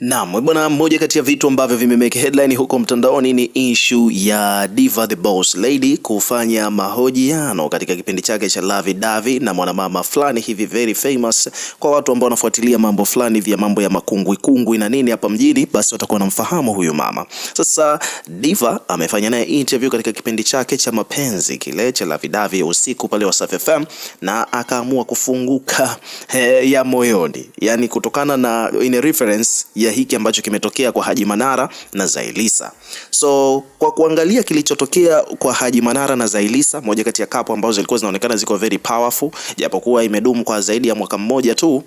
Naam, bwana, mmoja kati ya vitu ambavyo vimemeke headline huko mtandaoni ni issue ya Diva the Boss Lady kufanya mahojiano katika kipindi chake cha Lavi Davi na mwanamama fulani hivi very famous. Kwa watu ambao wanafuatilia mambo fulani vya mambo ya makungwi kungwi na nini hapa mjini, basi watakuwa wanamfahamu huyu mama. Sasa Diva amefanya naye interview katika kipindi chake cha mapenzi kile cha Lavi Davi usiku pale Wasafi FM na akaamua kufunguka he, eh, ya moyoni, yani kutokana na in reference kupigia hiki ambacho kimetokea kwa Haji Manara na Zailisa. So kwa kuangalia kilichotokea kwa Haji Manara na Zailisa, moja kati ya kapo ambazo zilikuwa zinaonekana ziko very powerful, japokuwa imedumu kwa zaidi ya mwaka mmoja tu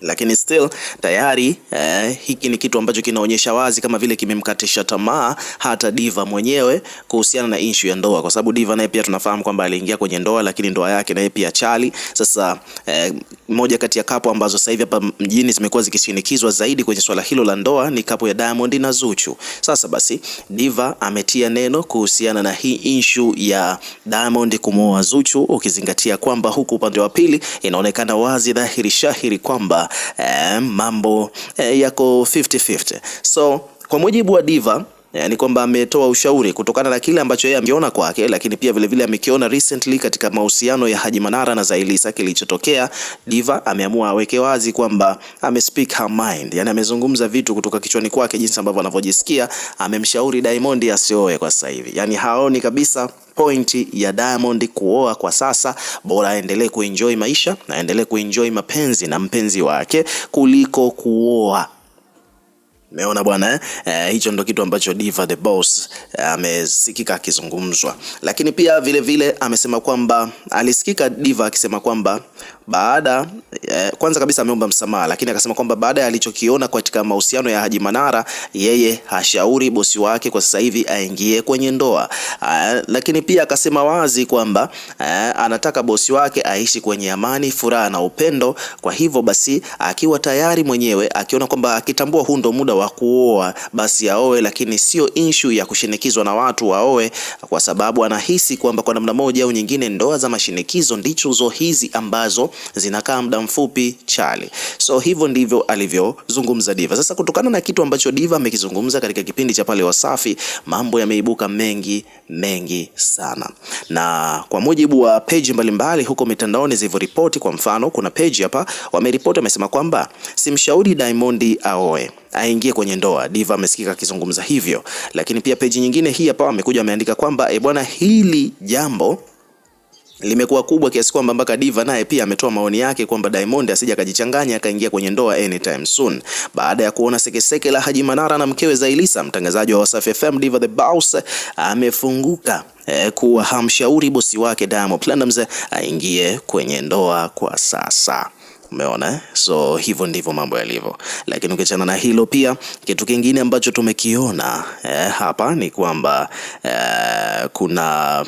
lakini still tayari eh, hiki ni kitu ambacho kinaonyesha wazi kama vile kimemkatisha tamaa hata Diva mwenyewe kuhusiana na issue ya ndoa, kwa sababu Diva naye pia tunafahamu kwamba aliingia kwenye ndoa, lakini ndoa yake naye pia chali. Sasa eh, moja kati ya kapo ambazo sasa hivi hapa mjini zimekuwa zikishinikizwa zaidi kwenye swala hilo la ndoa ni kapo ya Diamond na Zuchu. Sasa basi Diva ametia neno kuhusiana na hii issue ya Diamond kumooa Zuchu, ukizingatia kwamba huku upande wa pili inaonekana wazi dhahiri shahiri kwamba eh, mambo eh, yako 50-50. So kwa mujibu wa Diva yani kwamba ametoa ushauri kutokana na kile ambacho yeye amekiona kwake, lakini pia vilevile amekiona recently katika mahusiano ya Haji Manara na Zailisa kilichotokea. Diva ameamua aweke wazi kwamba ame speak her mind, yani amezungumza vitu kutoka kichwani kwake, jinsi ambavyo anavyojisikia. Amemshauri Diamond asioe kwa sasa hivi, yani haoni kabisa point ya Diamond kuoa kwa sasa, bora aendelee kuenjoy maisha na aendelee kuenjoy mapenzi na mpenzi wake kuliko kuoa. Meona bwana eh? Eh, Hicho ndo kitu ambacho Diva the Boss eh, amesikika akizungumzwa, lakini pia vile vile amesema kwamba alisikika Diva akisema kwamba baada eh, kwanza kabisa ameomba msamaha, lakini akasema kwamba baada ya alichokiona katika mahusiano ya Haji Manara, yeye hashauri bosi wake kwa sasa hivi aingie kwenye ndoa eh, lakini pia akasema wazi kwamba eh, anataka bosi wake aishi kwenye amani, furaha na upendo. Kwa hivyo basi, akiwa tayari mwenyewe akiona kwamba akitambua huu ndo muda wa wa kuoa basi aoe, lakini sio inshu ya kushinikizwa na watu waoe, kwa sababu anahisi kwamba kwa namna moja au nyingine ndoa za mashinikizo ndicho hizi ambazo zinakaa muda mfupi chali. So hivyo ndivyo alivyozungumza Diva. Sasa kutokana na kitu ambacho Diva amekizungumza katika kipindi cha pale Wasafi, mambo yameibuka mengi mengi sana, na kwa mujibu wa peji mbalimbali huko mitandaoni zilivyoripoti, kwa mfano kuna peji hapa wameripoti, wamesema kwamba simshauri Diamond aoe aingi aingie kwenye ndoa. Diva amesikika akizungumza hivyo, lakini pia peji nyingine hii hapa amekuja ameandika kwamba e bwana, hili jambo limekuwa kubwa kiasi kwamba mpaka Diva naye pia ametoa maoni yake kwamba Diamond asija akajichanganya akaingia kwenye ndoa anytime soon. Baada ya kuona sekeseke la Haji Manara na mkewe Zailisa, mtangazaji wa Wasafi FM Diva the Boss amefunguka eh, kuwa hamshauri bosi wake Diamond Platnumz aingie kwenye ndoa kwa sasa. Umeona eh? So hivyo ndivyo mambo yalivyo, lakini ukiachana na hilo, pia kitu kingine ambacho tumekiona eh, hapa ni kwamba eh, kuna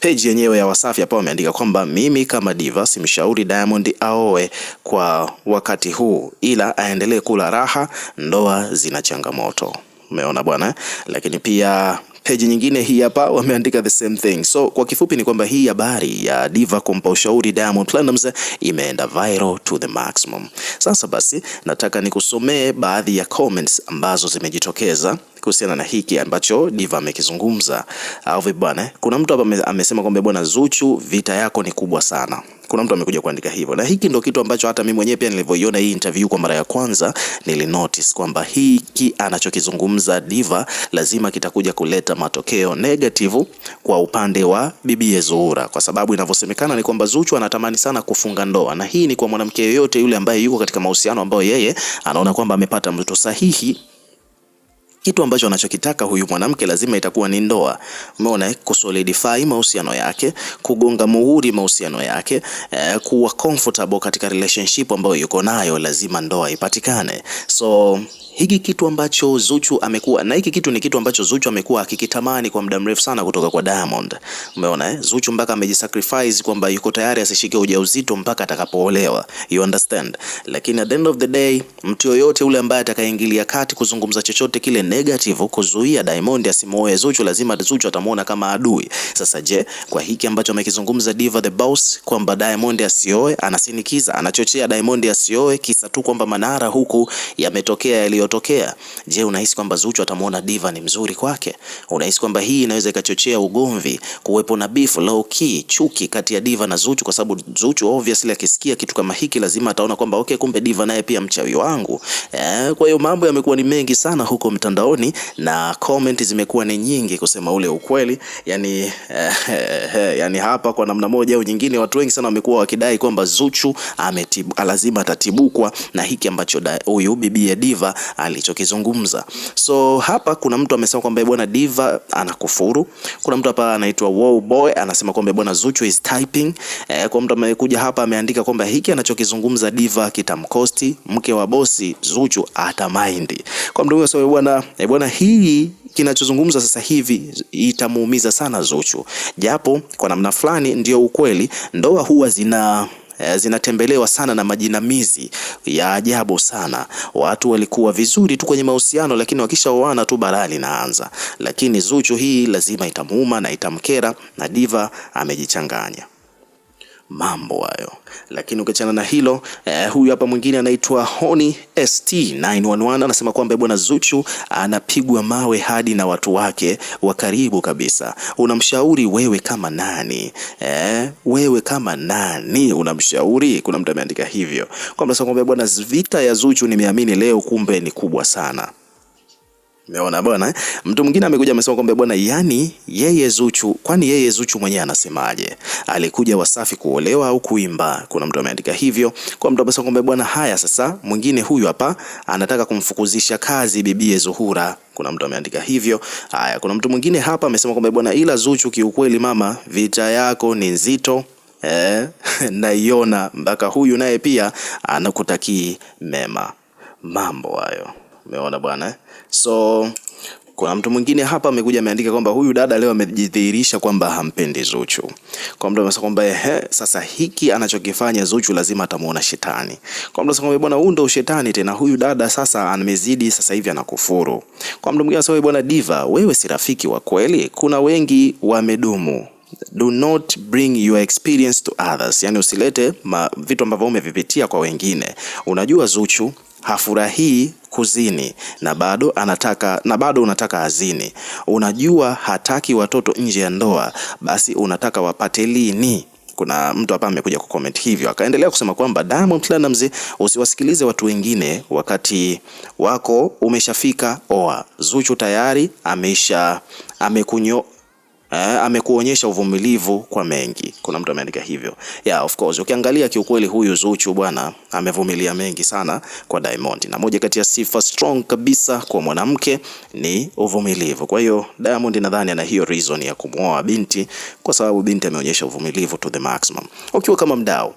peji yenyewe ya Wasafi hapa wameandika kwamba mimi kama diva simshauri Diamond aoe kwa wakati huu, ila aendelee kula raha, ndoa zina changamoto. Umeona bwana, eh? lakini pia Peji nyingine hii hapa wameandika the same thing. So kwa kifupi ni kwamba hii habari ya Diva kumpa ushauri Diamond Platnumz imeenda viral to the maximum. Sasa basi, nataka nikusomee baadhi ya comments ambazo zimejitokeza kuhusiana na hiki ambacho Diva amekizungumza. Au bwana, eh? kuna mtu hapa amesema kwamba bwana Zuchu, vita yako ni kubwa sana kuna mtu amekuja kuandika hivyo, na hiki ndo kitu ambacho hata mimi mwenyewe pia nilivyoiona hii interview kwa mara ya kwanza nilinotice kwamba hiki anachokizungumza Diva lazima kitakuja kuleta matokeo negative kwa upande wa bibie Zuhura, kwa sababu inavyosemekana ni kwamba Zuchu anatamani sana kufunga ndoa, na hii ni kwa mwanamke yeyote yule ambaye yuko katika mahusiano ambayo yeye anaona kwamba amepata mtoto sahihi kitu ambacho anachokitaka huyu mwanamke lazima itakuwa ni ndoa. Umeona, kusolidify mahusiano yake, kugonga muhuri mahusiano yake, eh, kuwa comfortable katika relationship ambayo yuko nayo, lazima ndoa ipatikane so hiki kitu ambacho Zuchu amekuwa na hiki kitu ni kitu ambacho Zuchu amekuwa akikitamani kwa muda mrefu sana kutoka kwa Diamond. Umeona eh? Zuchu mpaka amejisacrifice kwamba yuko tayari asishike ujauzito mpaka atakapoolewa. You understand? Lakini at the end of the day, mtu yoyote ule ambaye atakayeingilia kati kuzungumza chochote kile negative kuzuia Diamond asimuoe Zuchu, lazima Zuchu atamuona kama adui. Sasa je, kwa hiki ambacho amekizungumza Diva the Boss kwamba Diamond asioe, anasinikiza, anachochea Diamond asioe kisa tu kwamba Manara huku yametokea yaliyo iliyotokea. Je, unahisi kwamba Zuchu atamuona Diva ni mzuri kwake? Unahisi kwamba hii inaweza ikachochea ugomvi, kuwepo na beef low key, chuki kati ya Diva na Zuchu? Kwa sababu Zuchu obviously akisikia kitu kama hiki lazima ataona kwamba okay, kumbe Diva naye pia mchawi wangu eh. Kwa hiyo mambo yamekuwa ni mengi sana huko mtandaoni na comment zimekuwa ni nyingi kusema ule ukweli, yani, eh, eh, yani hapa kwa namna moja au nyingine watu wengi sana wamekuwa wakidai kwamba Zuchu ametibu, lazima atatibukwa na hiki ambacho huyu bibi ya Diva alichokizungumza. So hapa kuna mtu amesema kwamba bwana Diva anakufuru. Kuna mtu hapa anaitwa Wow Boy anasema kwamba bwana Zuchu is typing. Eh, kwa mtu amekuja hapa ameandika kwamba hiki anachokizungumza Diva kitamkosti mke wa bosi Zuchu atamaindi. Kwa mtu huyo so bwana bwana hii kinachozungumza sasa hivi itamuumiza sana Zuchu, japo kwa namna fulani ndio ukweli, ndoa huwa zina eh, zinatembelewa sana na majinamizi ya ajabu sana. Watu walikuwa vizuri tu kwenye mahusiano, lakini wakishaoana tu balaa linaanza. Lakini Zuchu hii lazima itamuuma na itamkera, na Diva amejichanganya mambo hayo. Lakini ukiachana na hilo eh, huyu hapa mwingine anaitwa Honi ST 911 anasema kwamba bwana Zuchu anapigwa mawe hadi na watu wake wa karibu kabisa. Unamshauri wewe kama nani? Eh, wewe kama nani unamshauri? Kuna mtu ameandika hivyo kwamba bwana, vita ya Zuchu nimeamini leo, kumbe ni kubwa sana. Umeona bwana eh? Mtu mwingine amekuja amesema kwamba bwana, yani yeye Zuchu, kwani yeye Zuchu mwenyewe anasemaje? Alikuja Wasafi kuolewa au kuimba? Kuna mtu ameandika hivyo. Kwa mtu amesema kwamba bwana, haya sasa, mwingine huyu hapa anataka kumfukuzisha kazi bibie Zuhura. Kuna mtu ameandika hivyo. Haya, kuna mtu mwingine hapa amesema kwamba bwana, ila Zuchu, kiukweli mama, vita yako ni nzito eh, naiona mpaka huyu naye pia anakutakii mema. Mambo hayo, umeona bwana eh? so kuna mtu mwingine hapa amekuja ameandika kwamba huyu dada leo amejidhihirisha kwamba hampendi Zuchu. Kwa mtu amesema kwamba ehe, sasa hiki anachokifanya Zuchu lazima atamuona shetani. Kwa mtu amesema bwana, huyu ndo shetani tena, huyu dada sasa amezidi, sasa hivi anakufuru. Kwa mtu mwingine anasema bwana, Diva wewe si rafiki wa kweli, kuna wengi wamedumu Do not bring your experience to others, yani usilete ma, vitu ambavyo umevipitia kwa wengine. Unajua Zuchu hafurahii kuzini na bado anataka na bado unataka azini. Unajua hataki watoto nje ya ndoa, basi unataka wapate lini? Kuna mtu hapa amekuja kucomment hivyo, akaendelea kusema kwamba Diamond Platnumz, usiwasikilize watu wengine, wakati wako umeshafika oa. Zuchu tayari amesha amekunyo eh, amekuonyesha uvumilivu kwa mengi. Kuna mtu ameandika hivyo. Yeah, of course. Ukiangalia kiukweli huyu Zuchu bwana amevumilia mengi sana kwa Diamond, na moja kati ya sifa strong kabisa kwa mwanamke ni uvumilivu. Kwa hiyo Diamond nadhani ana hiyo reason ya kumwoa binti, kwa sababu binti ameonyesha uvumilivu to the maximum. Ukiwa kama mdau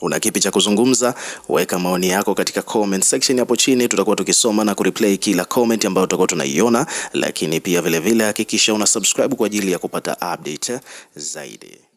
Una kipi cha kuzungumza? Weka maoni yako katika comment section hapo chini, tutakuwa tukisoma na kureplay kila comment ambayo tutakuwa tunaiona, lakini pia vilevile hakikisha una subscribe kwa ajili ya kupata update zaidi.